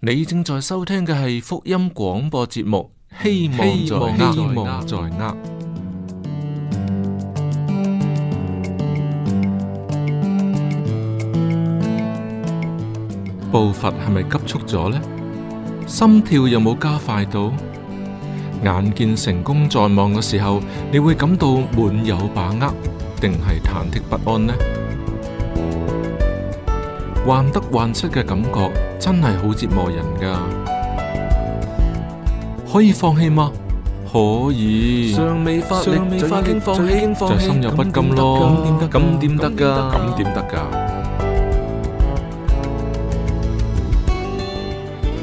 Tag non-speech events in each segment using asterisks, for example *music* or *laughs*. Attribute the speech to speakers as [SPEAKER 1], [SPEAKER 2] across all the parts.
[SPEAKER 1] 你正在收聽嘅係福音廣播節目，希望在握。步伐係咪急促咗呢？心跳有冇加快到？眼見成功在望嘅時候，你會感到滿有把握，定係忐忑不安呢？患得患失嘅感覺真係好折磨人噶，可以放棄嗎？可以，尚未發力，放棄就心有不甘咯。咁點得？咁點得噶？咁點得噶？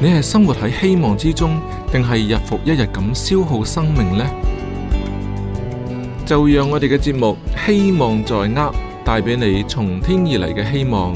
[SPEAKER 1] 你係生活喺希望之中，定係日復一日咁消耗生命呢？就讓我哋嘅節目希望在握，帶俾你從天而嚟嘅希望。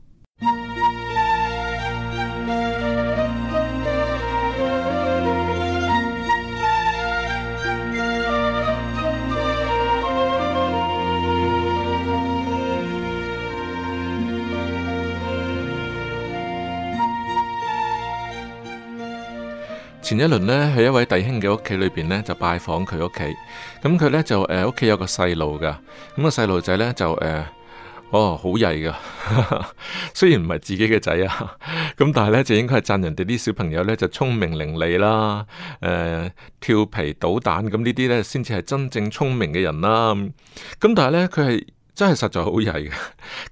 [SPEAKER 1] 前一輪呢，喺一位弟兄嘅屋企裏邊呢，就拜訪佢屋企。咁佢呢，就誒，呃、屋企有個細路噶。咁、個細路仔呢，就誒、呃，哦，好曳噶。雖然唔係自己嘅仔啊，咁但係呢，就應該係讚人哋啲小朋友呢，就聰明伶俐啦，誒、呃，調皮搗蛋咁呢啲呢，先至係真正聰明嘅人啦。咁、嗯、但係呢，佢係真係實在好曳嘅。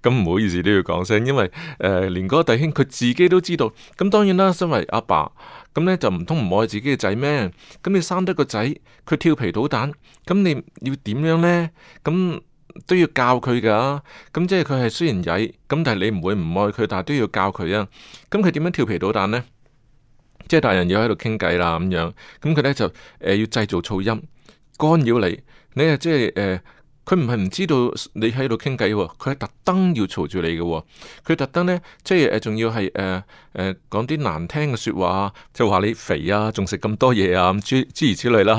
[SPEAKER 1] 咁、啊、唔好意思都要講聲，因為誒、呃，連嗰個弟兄佢自己都知道。咁當然啦，身為阿爸。咁呢就唔通唔愛自己嘅仔咩？咁你生得個仔，佢調皮搗蛋，咁你要點樣呢？咁都要教佢噶、啊。咁即係佢係雖然曳，咁但係你唔會唔愛佢，但係都要教佢啊。咁佢點樣調皮搗蛋呢？即係大人要喺度傾偈啦，咁樣。咁佢呢就誒、呃、要製造噪音，干擾你。你啊，即係誒。呃佢唔係唔知道你喺度傾偈喎，佢係特登要嘈住你嘅喎，佢特登呢，即係仲要係誒誒講啲難聽嘅説話啊，就話你肥啊，仲食咁多嘢啊，諸諸如此類啦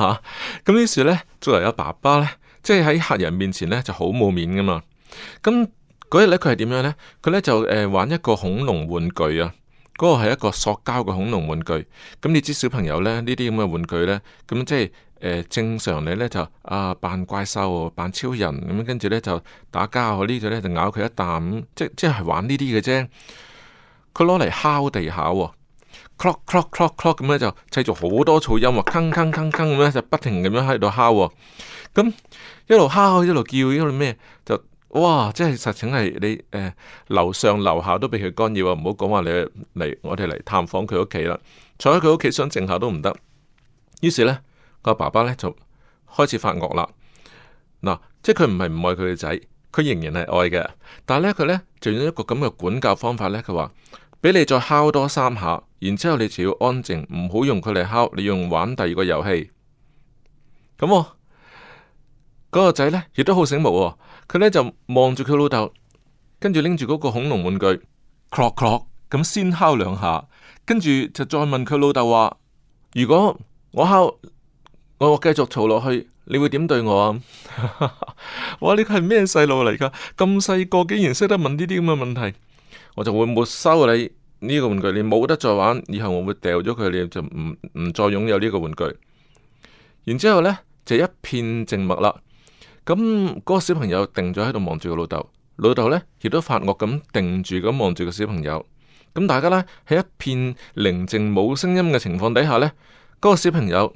[SPEAKER 1] 吓，咁於是呢，作為阿爸爸呢，即係喺客人面前呢，就好冇面噶嘛。咁嗰日呢，佢係點樣呢？佢呢就誒玩一個恐龍玩具啊。嗰個係一個塑膠嘅恐龍玩具，咁你知小朋友咧呢啲咁嘅玩具咧，咁即係誒正常你咧就啊扮怪獸啊扮超人咁樣跟住咧就打交啊呢度咧就咬佢一啖，即即係玩呢啲嘅啫。佢攞嚟敲地下喎，clock clock clock clock 咁咧就製造好多噪音啊，吭吭吭吭咁咧就不停咁樣喺度敲喎，咁一路敲一路叫一路咩就。哇！即係實情係你誒，樓上樓下都俾佢干擾，唔好講話你嚟，我哋嚟探訪佢屋企啦。坐喺佢屋企想靜下都唔得。於是呢，個爸爸呢就開始發惡啦。嗱，即係佢唔係唔愛佢嘅仔，佢仍然係愛嘅。但係呢，佢呢就用一個咁嘅管教方法呢，佢話俾你再敲多三下，然之後你就要安靜，唔好用佢嚟敲，你用玩第二個遊戲。咁、哦，嗰個仔呢亦都好醒目、哦。佢咧就望住佢老豆，跟住拎住嗰個恐龍玩具咯咯咁先敲兩下，跟住就再問佢老豆話：如果我敲，我繼續嘈落去，你會點對我啊？我你係咩細路嚟噶？咁、這、細個竟然識得問呢啲咁嘅問題，我就會沒收你呢個玩具，你冇得再玩，以後我會掉咗佢，你就唔唔再擁有呢個玩具。然之後咧就一片靜默啦。咁嗰、嗯那個小朋友定咗喺度望住個老豆，老豆咧亦都發惡咁定住咁望住個小朋友。咁、嗯、大家咧喺一片寧靜冇聲音嘅情況底下咧，嗰、那個小朋友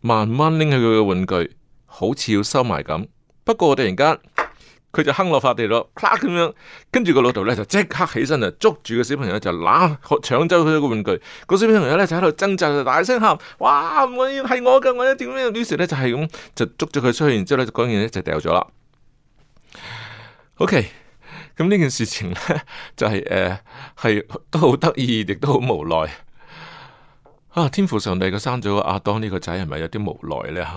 [SPEAKER 1] 慢慢拎起佢嘅玩具，好似要收埋咁。不過我突然間。佢就哼落發地咯，咁樣，跟住個老豆咧就即刻起身啊，捉住個小朋友就攞搶走佢個玩具。個小朋友咧就喺度掙扎，就大聲喊，哇！我要係我嘅，我要點樣？於是咧就係咁，就捉咗佢出去，然之後咧嗰件咧就掉咗啦。OK，咁呢件事情咧就係誒，係都好得意，亦都好無奈。啊，天父上帝佢生咗阿當呢個仔，係咪有啲無奈咧？嚇，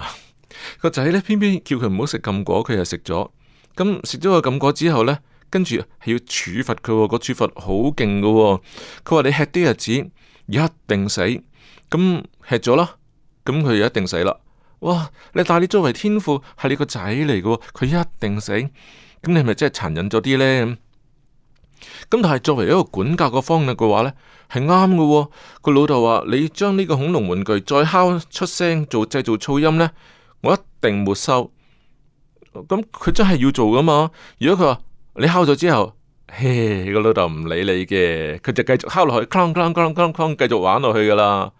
[SPEAKER 1] 個仔咧偏偏叫佢唔好食禁果，佢又食咗。咁食咗個禁果之後呢，跟住係要處罰佢，個處罰好勁噶。佢話你吃啲日子一定死，咁吃咗啦，咁佢就一定死啦。哇！你但係你作為天父係你個仔嚟噶，佢一定死。咁你係咪真係殘忍咗啲呢？咁但係作為一個管教個方略嘅話呢，係啱噶。個老豆話：爸爸你將呢個恐龍玩具再敲出聲做製造噪音呢，我一定沒收。咁佢、嗯、真係要做噶嘛？如果佢話你敲咗之後，嘿個老豆唔理你嘅，佢就繼續敲落去 clang clang clang clang 繼續玩落去噶啦。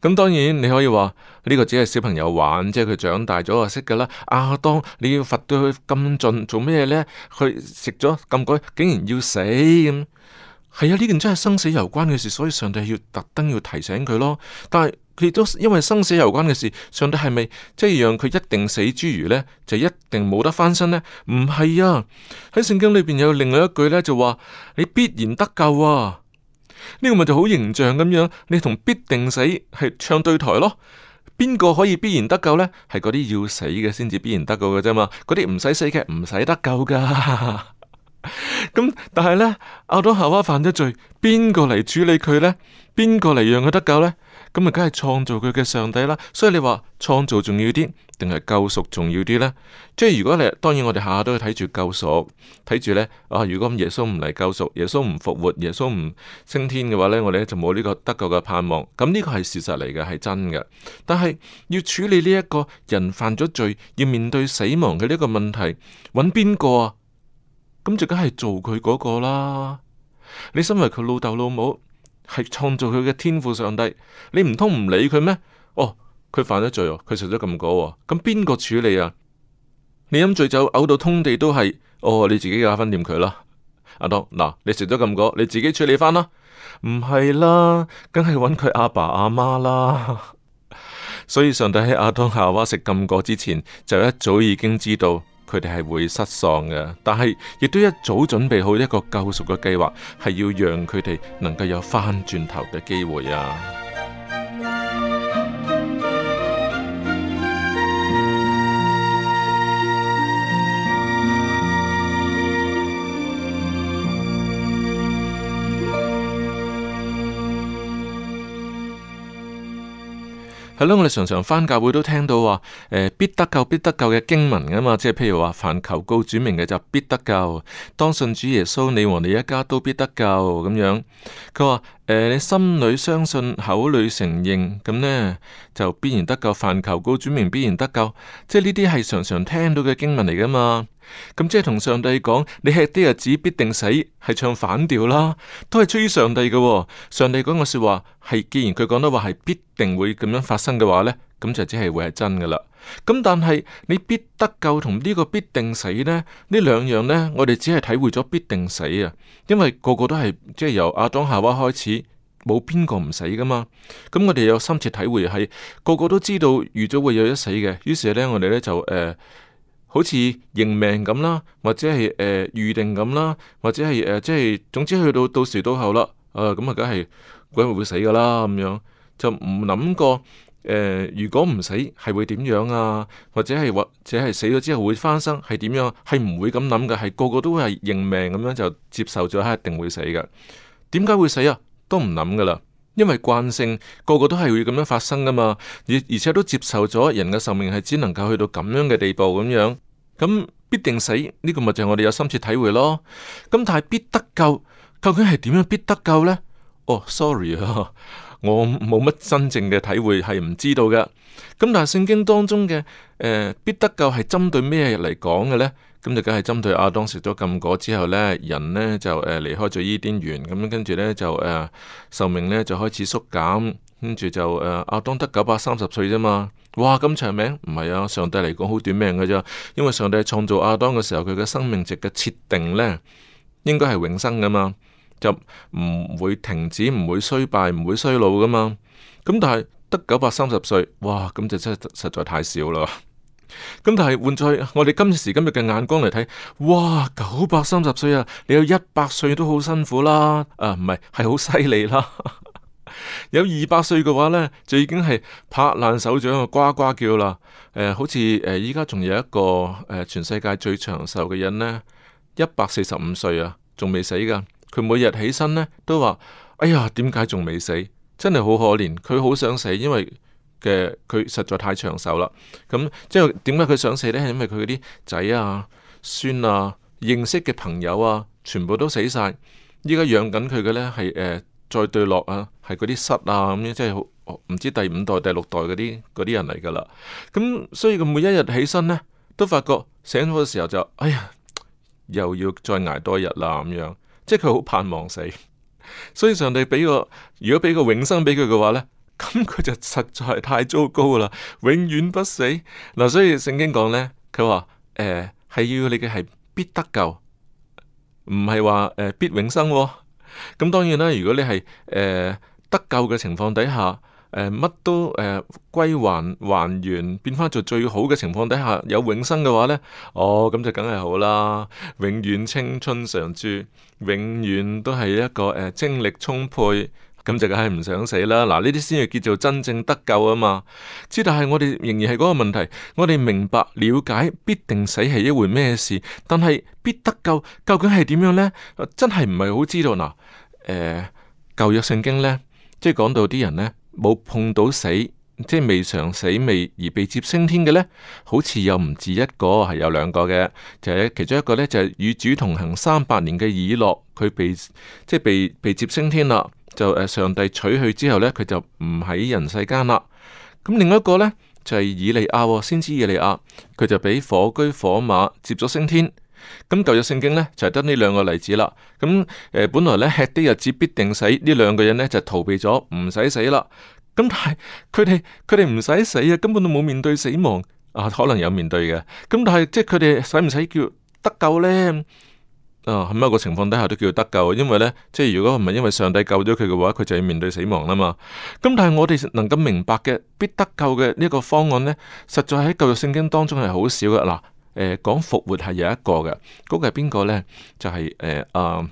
[SPEAKER 1] 咁、嗯、當然你可以話呢、個只係小朋友玩，即係佢長大咗就識噶啦。阿、啊、當你要罰到佢咁盡做咩呢？佢食咗咁鬼，竟然要死咁。係、嗯、啊，呢件真係生死攸關嘅事，所以上帝要特登要提醒佢咯。但係。佢都因為生死有關嘅事，上帝係咪即係讓佢一定死之餘呢就一定冇得翻身呢？唔係啊！喺聖經裏邊有另外一句呢，就話你必然得救啊！呢個咪就好形象咁樣，你同必定死係唱對台咯。邊個可以必然得救呢？係嗰啲要死嘅先至必然得救嘅啫嘛。嗰啲唔使死嘅唔使得救噶。咁 *laughs* 但係呢，亞當夏娃犯咗罪，邊個嚟處理佢呢？邊個嚟讓佢得救呢？咁咪梗係創造佢嘅上帝啦，所以你話創造重要啲，定係救贖重要啲呢？即係如果你當然我哋下下都要睇住救贖，睇住呢。啊！如果咁耶穌唔嚟救贖，耶穌唔復活，耶穌唔升天嘅話呢，我哋呢就冇呢個得救嘅盼望。咁呢個係事實嚟嘅，係真嘅。但係要處理呢一個人犯咗罪要面對死亡嘅呢一個問題，揾邊個啊？咁就梗係做佢嗰個啦。你身為佢老豆老母。係創造佢嘅天父，上帝，你唔通唔理佢咩？哦，佢犯咗罪哦，佢食咗禁果，咁邊個處理啊？你飲醉酒嘔到通地都係，哦，你自己搞翻掂佢啦，阿當嗱，你食咗禁果，你自己處理翻啦，唔係啦，梗係揾佢阿爸阿媽啦，所以上帝喺阿當夏娃食禁果之前，就一早已經知道。佢哋係會失喪嘅，但係亦都一早準備好一個救贖嘅計劃，係要讓佢哋能夠有返轉頭嘅機會啊。係咯、 *noise* 嗯，我哋常常翻教會都聽到話，誒、呃、必得救必得救嘅經文噶嘛，即係譬如話凡求告主名嘅就必得救，當信主耶穌，你和你一家都必得救咁樣。佢話誒，你心裏相信，口裏承認，咁呢，就必然得救。凡求告主名必然得救，即係呢啲係常常聽到嘅經文嚟噶嘛。咁即係同上帝講，你吃啲日子必定死，係唱反調啦，都係出於上帝嘅哦。上帝講個說話係，既然佢講得話係必定會咁樣發生嘅話呢，咁就只係會係真噶啦。咁但係你必得救同呢個必定死呢，呢兩樣呢，我哋只係體會咗必定死啊，因為個個都係即係由亞當夏娃開始，冇邊個唔死噶嘛。咁我哋有深切體會係，個個都知道預咗會有一死嘅，於是呢，我哋呢就誒。呃好似認命咁啦，或者係誒、呃、預定咁啦，或者係誒即係總之去到到時到後啦，誒咁啊梗係鬼會死噶啦咁樣，就唔諗過誒、呃、如果唔死係會點樣啊？或者係或者係死咗之後會翻生係點樣啊？係唔會咁諗嘅，係個個都係認命咁樣就接受咗，係一定會死嘅。點解會死啊？都唔諗噶啦。因為慣性，個個都係會咁樣發生噶嘛，而而且都接受咗人嘅壽命係只能夠去到咁樣嘅地步咁樣，咁、嗯、必定死呢、這個咪就係我哋有深切體會咯。咁、嗯、但係必得救究竟係點樣必得救呢？哦，Sorry 啊，我冇乜真正嘅體會係唔知道噶。咁、嗯、但係聖經當中嘅誒、呃、必得救係針對咩嚟講嘅呢？咁就梗係針對阿當食咗禁果之後呢，人呢就誒離開咗伊甸園，咁跟住呢，就誒、呃、壽命呢就開始縮減，跟住就誒、呃、阿當得九百三十歲啫嘛，哇咁長命？唔係啊，上帝嚟講好短命嘅啫，因為上帝創造阿當嘅時候，佢嘅生命值嘅設定呢，應該係永生噶嘛，就唔會停止，唔會衰敗，唔會衰老噶嘛。咁但係得九百三十歲，哇咁就真係實在太少啦～咁但係換在我哋今時今日嘅眼光嚟睇，哇，九百三十歲啊！你有一百歲都好辛苦啦，啊，唔係係好犀利啦。 *laughs* 有二百歲嘅話呢，就已經係拍爛手掌啊，呱呱叫啦、呃。好似誒依家仲有一個、呃、全世界最長壽嘅人呢，一百四十五歲啊，仲未死噶。佢每日起身呢，都話：哎呀，點解仲未死？真係好可憐，佢好想死，因為。嘅佢實在太長壽啦，咁即係點解佢想死呢？係因為佢嗰啲仔啊、孫啊、認識嘅朋友啊，全部都死晒。依家養緊佢嘅呢，係誒、呃、再對落啊，係嗰啲失啊咁樣、嗯，即係好唔知第五代第六代嗰啲啲人嚟噶啦。咁所以佢每一日起身呢，都發覺醒咗嘅時候就哎呀，又要再捱多一日啦咁樣。即係佢好盼望死，所以上帝俾個如果俾個永生俾佢嘅話呢。咁佢就實在太糟糕啦，永遠不死嗱，所以聖經講咧，佢話誒係要你嘅，係必得救，唔係話誒必永生喎。咁當然啦，如果你係誒得救嘅情況底下，誒乜都誒歸還還原，變翻做最好嘅情況底下有永生嘅話咧，哦咁就梗係好啦，永遠青春常駐，永遠都係一個誒精力充沛。咁就梗係唔想死啦！嗱，呢啲先係叫做真正得救啊嘛。之但係我哋仍然係嗰個問題，我哋明白了解必定死係一回咩事，但係必得救究竟係點樣呢？真係唔係好知道嗱。誒，舊約聖經咧，即係講到啲人呢冇碰到死，即係未嘗死未而被接升天嘅呢，好似又唔止一個，係有兩個嘅。就係、其中一個呢，就係、是、與主同行三百年嘅以諾，佢被即係被被、被接升天啦。就誒，上帝取去之後呢，佢就唔喺人世間啦。咁另外一個呢，就係、是以利亞哦，先知以利亞，佢就俾火居火馬接咗升天。咁舊約聖經呢，就係得呢兩個例子啦。咁本來呢，吃的日子必定死，呢兩個人呢就逃避咗，唔使死啦。咁但係佢哋佢哋唔使死啊，根本都冇面對死亡。啊，可能有面對嘅。咁但係即係佢哋使唔使叫得救呢？啊，喺某個情況底下都叫得救，因為呢，即係如果唔係因為上帝救咗佢嘅話，佢就要面對死亡啦嘛。咁但係我哋能夠明白嘅必得救嘅呢個方案呢，實在喺舊約聖經當中係好少嘅。嗱，誒，講復活係有一個嘅，嗰，那個係邊個呢？就係誒阿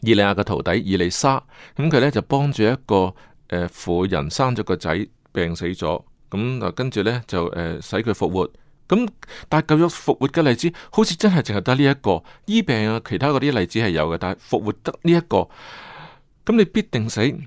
[SPEAKER 1] 以利亞嘅徒弟以利沙，咁，嗯，佢呢，就幫住一個誒婦，呃，人生咗個仔病死咗，咁，嗯，跟住呢，就誒，呃，使佢復活。咁但係救贖復活嘅例子，好似真係淨係得呢一個。醫病啊，其他嗰啲例子係有嘅，但係復活得呢一個，咁你必定死，咁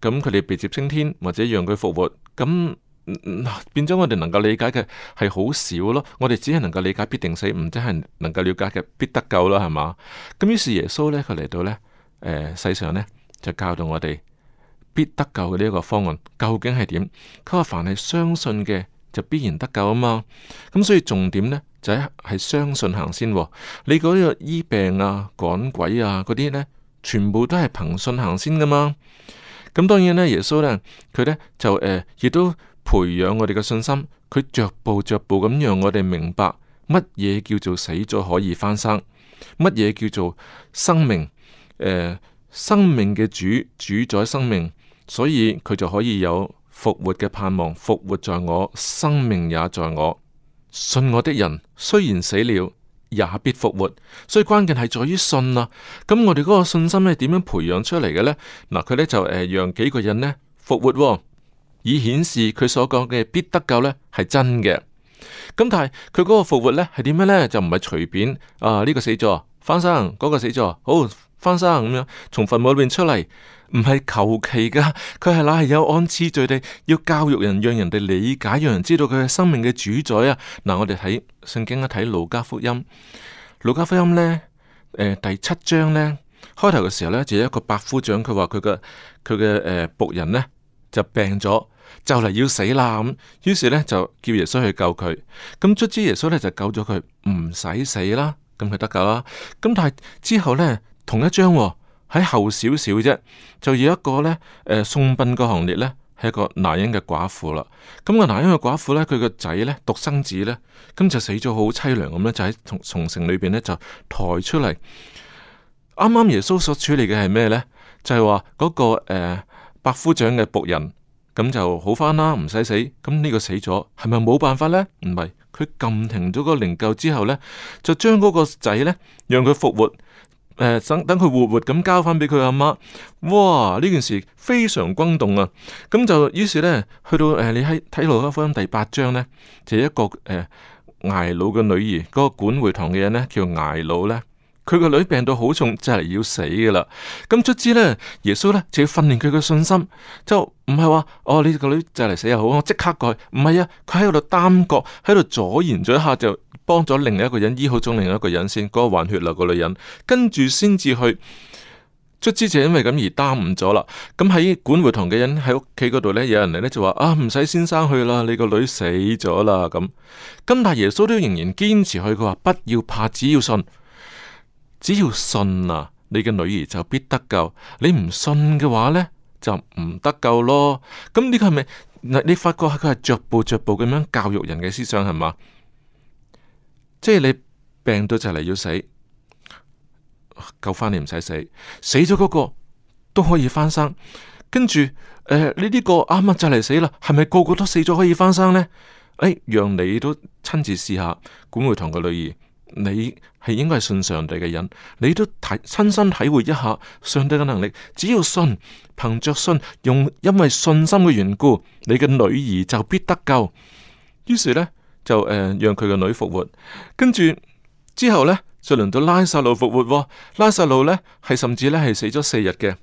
[SPEAKER 1] 佢哋被接升天或者讓佢復活，咁嗱變咗我哋能夠理解嘅係好少咯，我哋只係能夠理解必定死，唔真係能夠了解嘅必得救啦，係嘛？咁於是耶穌呢，佢嚟到呢、呃、世上呢，就教導我哋必得救嘅呢一個方案究竟係點？佢話凡係相信嘅就必然得救啊嘛！咁所以重點呢，就係、係、相信行先、哦。你嗰個醫病啊、趕鬼啊嗰啲呢，全部都係憑信行先噶嘛。咁當然啦，耶穌呢，佢呢，呢，就誒、呃、亦都培養我哋嘅信心。佢逐步逐步咁讓我哋明白乜嘢叫做死咗可以翻生，乜嘢叫做生命。誒、呃，生命嘅主主宰生命，所以佢就可以有。復活嘅盼望，復活在我，生命也在我。信我的人雖然死了，也必復活。所以關鍵係在於信啊。咁我哋嗰個信心係點樣培養出嚟嘅呢？嗱，佢呢就誒、呃，讓幾個人呢復活、哦，以顯示佢所講嘅必得救呢係真嘅。咁但係佢嗰個復活呢係點樣呢？就唔係隨便啊呢、呢個死咗翻生，嗰、嗰個死咗好翻生咁樣從墳墓裏面出嚟。唔係求其噶，佢係嗱係有安次序按次序地要教育人，讓人哋理解，讓人知道佢係生命嘅主宰啊！嗱，我哋喺聖經一睇，路加福音，路加福音呢、呃、第七章呢，開頭嘅時候呢，就有一個百夫長他他，佢話佢嘅佢嘅僕人呢就病咗，就嚟要死啦咁，於是呢，就叫耶穌去救佢。咁卒之，耶穌呢就救咗佢唔使死啦，咁佢得救啦。咁但係之後呢，同一章、哦。喺後少少啫，就有一個呢。誒、呃，送殯嗰行列呢，係一個拿因嘅寡婦啦。咁、嗯那個拿因嘅寡婦呢，佢個仔呢，獨生子呢，咁、嗯、就死咗，好凄涼咁呢，就喺從從城裏邊呢，就抬出嚟。啱啱耶穌所處理嘅係咩呢？就係話嗰個誒，百、呃、夫長嘅僕人，咁、嗯、就好返啦，唔使死。咁、嗯、呢、這個死咗，係咪冇辦法呢？唔係，佢禁停咗個靈柩之後呢，就將嗰個仔呢，讓佢復活。誒，等等佢活活咁交翻俾佢阿媽，哇！呢件事非常轟動啊，咁就於是咧，去到誒、呃，你喺睇路加福音第八章咧，就係、一個誒，睚、呃、魯嘅女兒，嗰、嗰個管會堂嘅人咧，叫睚魯咧，佢個女病到好重，就嚟要死噶啦，咁卒之咧，耶穌咧就要訓練佢嘅信心，就唔係話哦，你個女就嚟死又好，我即刻過去，唔係啊，佢喺度擔擱，喺度阻延咗一下就。幫咗另一個人醫好咗，另一個人先，嗰、嗰個患血流，個女人，跟住先至去，卒之就因為咁而耽誤咗啦。咁喺管會堂嘅人喺屋企嗰度呢，有人嚟呢就話：啊，唔使先生去啦，你個女死咗啦。咁金大耶穌都仍然堅持去，佢話：不要怕，只要信，只要信啊，你嘅女兒就必得救。你唔信嘅話呢，就唔得救咯。咁呢個係咪你發覺佢係逐步逐步咁樣教育人嘅思想係嘛？即係你病到就嚟要死，救翻你唔使死，死咗嗰、那個都可以翻生。跟住誒，你呢、這個啱啱就嚟死啦，係咪個個都死咗可以翻生呢？誒、哎，讓你都親自試下，管會堂個女兒，你係應該係信上帝嘅人，你都睇親身體會一下上帝嘅能力。只要信，憑着信，用因為信心嘅緣故，你嘅女兒就必得救。於是呢。就誒，讓佢個女復活，跟住之後呢，就輪到拉撒路復活，哦。拉撒路呢，係甚至呢係死咗四日嘅，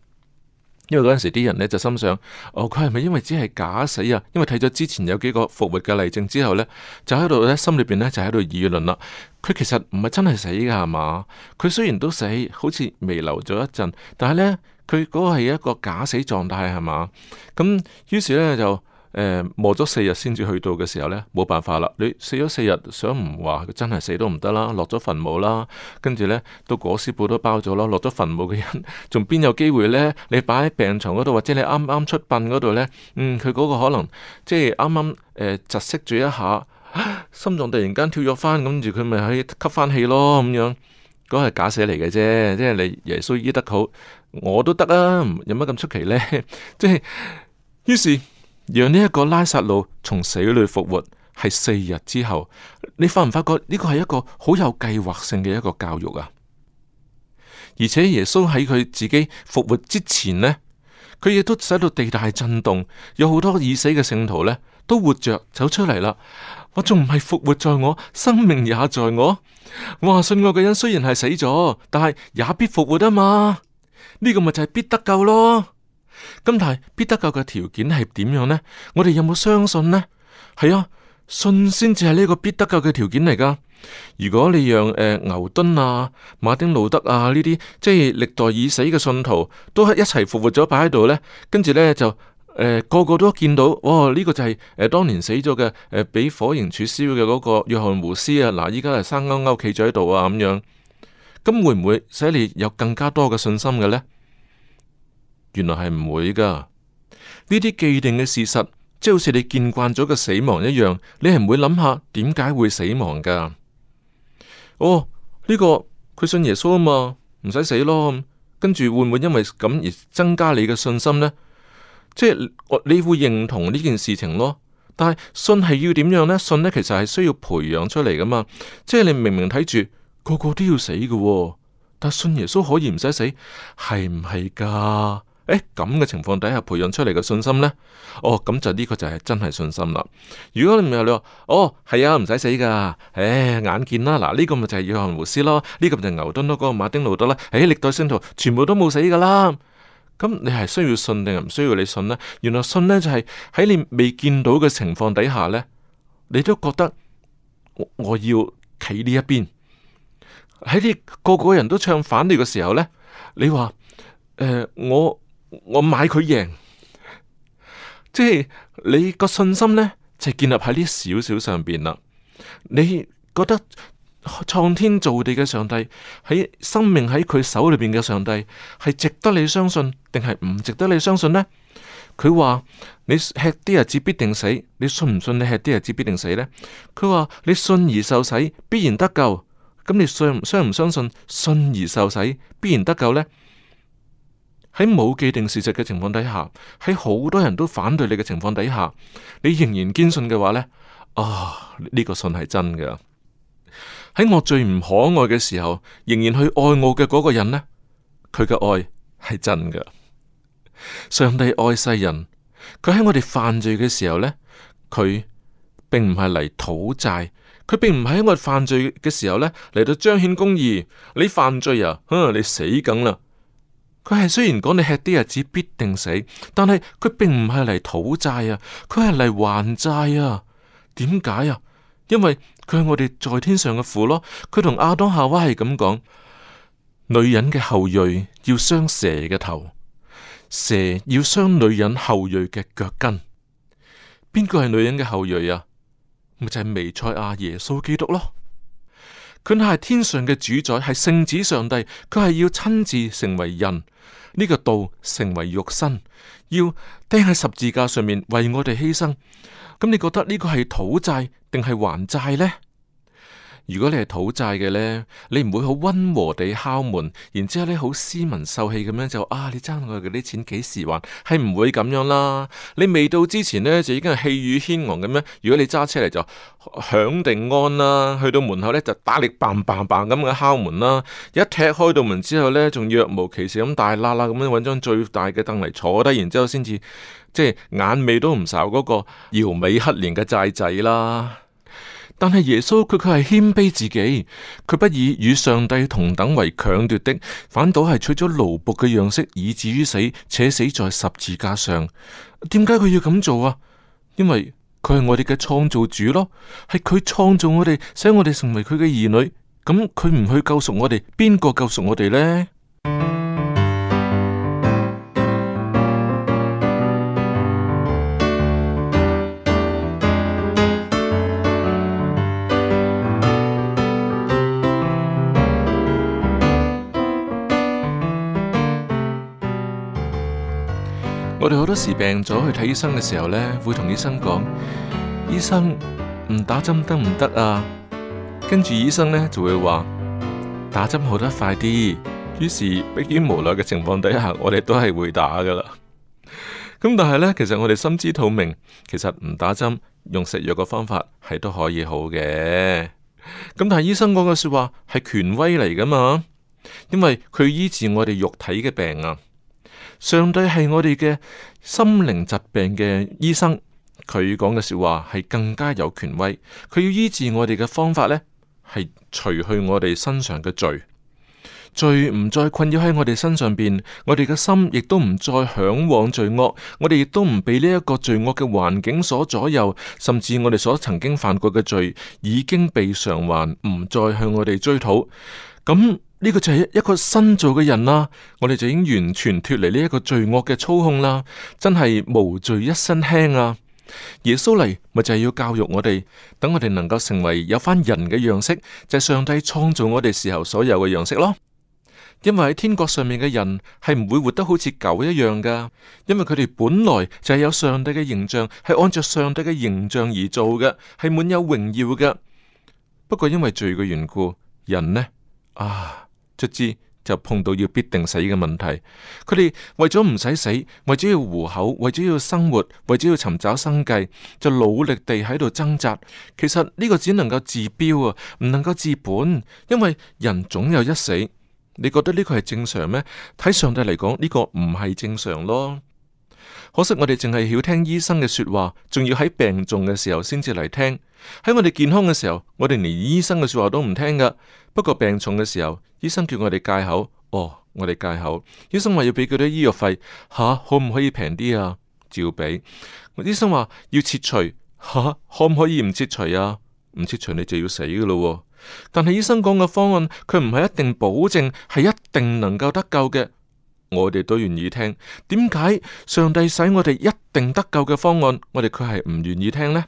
[SPEAKER 1] 因為嗰陣時啲人呢就心想：哦，佢係咪因為只係假死啊？因為睇咗之前有幾個復活嘅例證之後呢，就喺度呢，心裏邊呢，就喺度議論啦。佢其實唔係真係死噶係嘛？佢雖然都死，好似彌留咗一陣，但係呢，佢嗰個係一個假死狀態係嘛？咁於是呢，就。呃、磨咗四日先至去到嘅時候呢，冇辦法啦。你死咗四日，想唔話佢真係死都唔得啦，落咗墳墓啦，跟住呢，到裹屍布都包咗啦，落咗墳墓嘅人仲邊有機會呢？你擺喺病床嗰度，或者你啱啱出殯嗰度呢，嗯，佢嗰個可能即係啱啱誒窒息住一下，心臟突然間跳咗翻，跟住佢咪可以吸翻氣咯，咁樣嗰係、那個、假死嚟嘅啫。即係你耶穌醫得好，我都得啊，有乜咁出奇呢？即係於是。讓呢一個拉薩路從死裏復活，係四日之後，你發唔發覺呢個係一個好有計劃性嘅一個教育啊？而且耶穌喺佢自己復活之前呢，佢亦都使到地大震動，有好多已死嘅聖徒呢都活着走出嚟啦。我仲唔係復活在我，生命也在我。話信我嘅人雖然係死咗，但係也必復活啊嘛。呢個咪就係必得救咯。咁但係必得救嘅條件係點樣呢？我哋有冇相信呢？係啊，信先至係呢個必得救嘅條件嚟噶。如果你讓誒、呃、牛頓啊、馬丁路德啊呢啲，即係歷代已死嘅信徒，都係一齊復活咗擺喺度呢。跟住呢，就誒、呃、個個都見到，哇、哦、呢、這個就係、是、誒、呃、當年死咗嘅誒俾火刑處燒嘅嗰個約翰胡斯啊，嗱依家係生勾勾企咗喺度啊咁樣，咁會唔會使你有更加多嘅信心嘅呢？原來係唔會噶，呢啲既定嘅事實，即係好似你見慣咗嘅死亡一樣，你係唔會諗下點解會死亡噶？哦，呢個，佢信耶穌啊嘛，唔使死咯。跟住會唔會因為咁而增加你嘅信心呢？即係你會認同呢件事情咯。但係信係要點樣呢？信呢其實係需要培養出嚟噶嘛。即係你明明睇住個個都要死嘅，但係信耶穌可以唔使死，係唔係噶？誒，咁嘅、欸、情況底下培養出嚟嘅信心呢，哦，咁就呢個就係真係信心啦。如果你唔係你話，哦，係啊，唔使死噶、欸，眼見啦，嗱，呢、這個咪就係約翰胡斯咯，呢、這個咪就牛頓咯，個馬丁路德啦，誒、欸，歷代聖徒全部都冇死噶啦。咁、嗯、你係需要信定係唔需要你信呢？原來信呢，就係、是、喺你未見到嘅情況底下呢，你都覺得我，我要企呢一邊，喺啲個個人都唱反調嘅時候呢，你話、呃、我。我買佢贏，即係你個信心呢，就建立喺呢少少上邊啦。你覺得創天造地嘅上帝，喺生命喺佢手裏邊嘅上帝，係值得你相信，定係唔值得你相信呢？佢話你吃啲日子必定死，你信唔信？你吃啲日子必定死呢？」佢話你信而受洗，必然得救。咁你相相唔相信信而受洗必然得救呢？喺冇既定事實嘅情況底下，喺好多人都反對你嘅情況底下，你仍然堅信嘅話呢？啊、哦、呢、呢個信係真噶。喺我最唔可愛嘅時候，仍然去愛我嘅嗰個人呢？佢嘅愛係真噶。上帝愛世人，佢喺我哋犯罪嘅時候呢，佢並唔係嚟討債，佢並唔係喺我哋犯罪嘅時候呢嚟到彰顯公義。你犯罪啊，哼、啊，你死梗啦！佢係雖然講，你吃啲日子必定死，但係佢並唔係嚟討債啊，佢係嚟還債啊。點解啊？因為佢係我哋在天上嘅父咯。佢同亞當夏娃係咁講：女人嘅後裔要傷蛇嘅頭，蛇要傷女人後裔嘅腳跟。邊個係女人嘅後裔啊？咪就係彌賽亞耶穌基督咯。佢係天上嘅主宰，係聖子上帝，佢係要親自成為人，呢個道成為肉身，要釘喺十字架上面為我哋犧牲。咁你覺得呢個係討債定係還債呢？如果你係討債嘅呢，你唔會好溫和地敲門，然之後呢好斯文秀氣咁樣就啊，你爭我哋啲錢幾時還？係唔會咁樣啦。你未到之前呢，就已經係氣宇軒昂咁樣。如果你揸車嚟就響定安啦，去到門口呢，就大力棒棒棒咁樣敲門啦。一踢開到門之後呢，仲若無其事咁大喇喇咁樣揾張最大嘅凳嚟坐低，然之後先至即係眼尾都唔睄嗰個搖尾乞憐嘅債仔啦。但係耶穌佢佢係謙卑自己，佢不以與上帝同等為強奪的，反倒係取咗勞僕嘅樣式，以至於死，且死在十字架上。點解佢要咁做啊？因為佢係我哋嘅創造主咯，係佢創造我哋，使我哋成為佢嘅兒女。咁佢唔去救贖我哋，邊個救贖我哋呢？我哋好多時病咗去睇醫生嘅時候呢，會同醫生講：醫生，唔打針得唔得啊？跟住醫生呢就會話打針好得快啲，於是迫於無奈嘅情況底下，我哋都係會打噶啦。咁但係呢，其實我哋心知肚明，其實唔打針用食藥嘅方法係都可以好嘅。咁但係醫生講嘅說話係權威嚟噶嘛？因為佢醫治我哋肉體嘅病啊。上帝係我哋嘅心靈疾病嘅醫生，佢講嘅説話係更加有權威。佢要醫治我哋嘅方法呢，係除去我哋身上嘅罪，罪唔再困擾喺我哋身上邊。我哋嘅心亦都唔再向往罪惡，我哋亦都唔被呢一個罪惡嘅環境所左右。甚至我哋所曾經犯過嘅罪已經被償還，唔再向我哋追討。咁呢個就係一個新造嘅人啦，我哋就已經完全脱離呢一個罪惡嘅操控啦，真係無罪一身輕啊！耶穌嚟咪就係要教育我哋，等我哋能夠成為有翻人嘅樣式，就係上帝創造我哋時候所有嘅樣式咯。因為喺天國上面嘅人係唔會活得好似狗一樣噶，因為佢哋本來就係有上帝嘅形象，係按照上帝嘅形象而做嘅，係滿有榮耀嘅。不過因為罪嘅緣故，人呢啊？卒之就碰到要必定死嘅問題，佢哋為咗唔使死，為咗要糊口，為咗要生活，為咗要尋找生計，就努力地喺度掙扎。其實呢個只能夠治標啊，唔能夠治本，因為人總有一死。你覺得呢個係正常咩？睇上帝嚟講，呢個唔係正常咯。可惜我哋淨係曉聽醫生嘅說話，仲要喺病重嘅時候先至嚟聽。喺我哋健康嘅時候，我哋連醫生嘅說話都唔聽噶。不過病重嘅時候，醫生叫我哋戒口，哦，我哋戒口。醫生話要畀幾多醫藥費，吓、啊，可唔可以平啲啊？照俾。醫生話要切除，吓、啊，可唔可以唔切除啊？唔切除你就要死噶咯、啊。但係醫生講嘅方案，佢唔係一定保證，係一定能夠得救嘅。我哋都願意聽，點解上帝使我哋一定得救嘅方案，我哋佢係唔願意聽呢？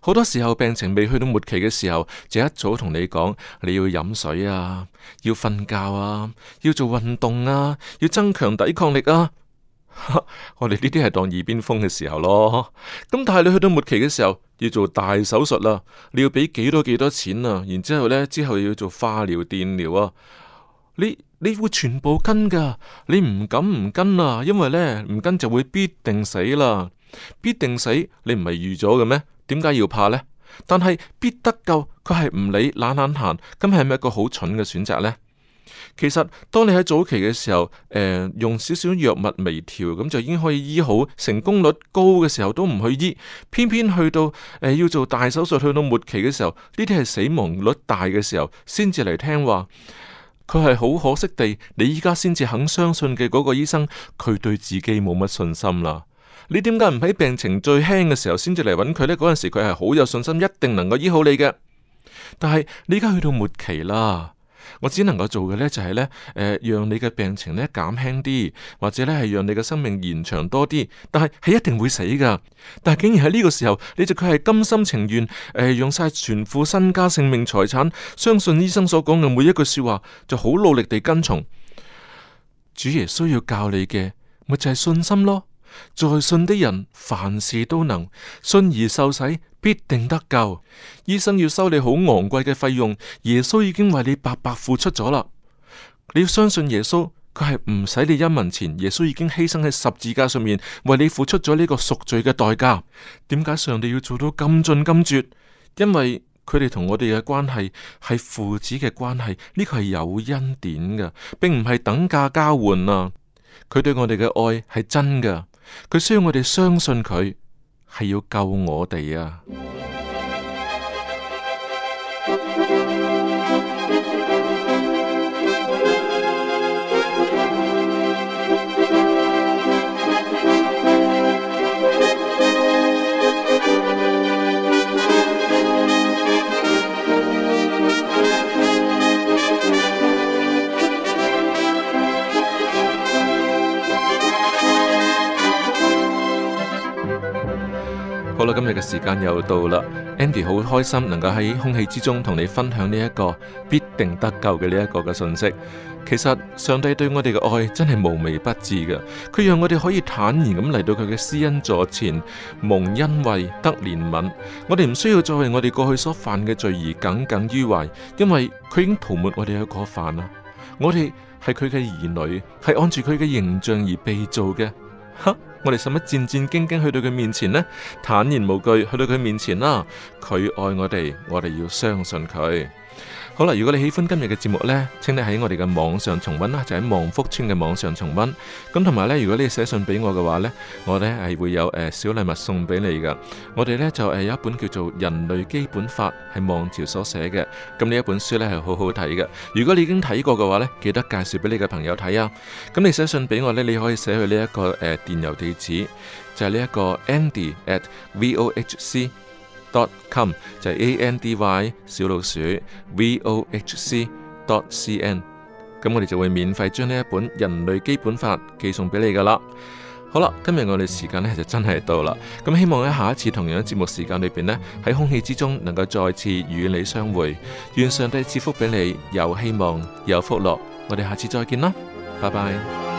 [SPEAKER 1] 好多時候病情未去到末期嘅時候，就一早同你講，你要飲水啊，要瞓覺啊，要做運動啊，要增強抵抗力啊。 *laughs* 我哋呢啲係當耳邊風嘅時候咯。咁但係你去到末期嘅時候，要做大手術啦，你要俾幾多幾多錢啊？然之後呢之後要做化療、電療啊，呢？你會全部跟噶，你唔敢唔跟啦，因為呢唔跟就會必定死啦，必定死，你唔係預咗嘅咩？點解要怕呢？但係必得救，佢係唔理懶懶閒，咁係咪一個好蠢嘅選擇呢？其實當你喺早期嘅時候，呃、用少少藥物微調咁就已經可以醫好，成功率高嘅時候都唔去醫，偏偏去到、呃、要做大手術，去到末期嘅時候，呢啲係死亡率大嘅時候，先至嚟聽話。佢係好可惜地，你而家先至肯相信嘅嗰個醫生，佢對自己冇乜信心啦。你點解唔喺病情最輕嘅時候先至嚟揾佢呢？嗰陣時佢係好有信心，一定能夠醫好你嘅。但係你而家去到末期啦。我只能夠做嘅呢、就是，就係呢，誒，讓你嘅病情呢減輕啲，或者呢，係讓你嘅生命延長多啲。但係係一定會死噶。但係竟然喺呢個時候，你就佢係甘心情願，誒、呃，用晒全副身家性命財產，相信醫生所講嘅每一句說話，就好努力地跟從。主耶穌要教你嘅，咪就係、是、信心咯。在信的人凡事都能，信而受洗，必定得救。醫生要收你好昂貴嘅費用，耶穌已經為你白白付出咗啦。你要相信耶穌，佢係唔使你一文錢。耶穌已經犧牲喺十字架上面，為你付出咗呢個贖罪嘅代價。點解上帝要做到咁盡咁絕？因為佢哋同我哋嘅關係係父子嘅關係，呢個係有恩典嘅，並唔係等價交換啊。佢對我哋嘅愛係真嘅。佢需要我哋相信佢係要救我哋啊！時間又到啦，Andy 好開心能夠喺空氣之中同你分享呢一個必定得救嘅呢一個嘅信息。其實上帝對我哋嘅愛真係無微不至嘅，佢讓我哋可以坦然咁嚟到佢嘅施恩座前，蒙恩惠得憐憫。我哋唔需要作為我哋過去所犯嘅罪而耿耿於懷，因為佢已經塗抹我哋嘅過犯啦。我哋係佢嘅兒女，係按住佢嘅形象而被造嘅。 *noise* 我哋使乜戰戰兢兢去到佢面前呢？坦然無懼去到佢面前啦！佢愛我哋，我哋要相信佢。好啦，如果你喜歡今日嘅節目呢，請你喺我哋嘅網上重溫啦，就喺、是、望福村嘅網上重溫。咁同埋呢，如果你寫信俾我嘅話我呢，我呢係會有誒、呃、小禮物送俾你噶。我哋呢就誒有一本叫做《人類基本法》，係望朝所寫嘅。咁呢一本書呢係好好睇嘅。如果你已經睇過嘅話呢，記得介紹俾你嘅朋友睇啊。咁你寫信俾我呢，你可以寫去呢、這、一個誒、呃、電郵地址，就係呢一個 andy@vohc。O H C, dot.com 就係 Andy 小老鼠 v o h c dot c n，咁我哋就會免費將呢一本人類基本法寄送俾你噶啦。好啦，今日我哋時間呢就真係到啦。咁希望喺下一次同樣嘅節目時間裏邊呢，喺空氣之中能夠再次與你相會。願上帝賜福俾你，有希望，有福樂。我哋下次再見啦，拜拜。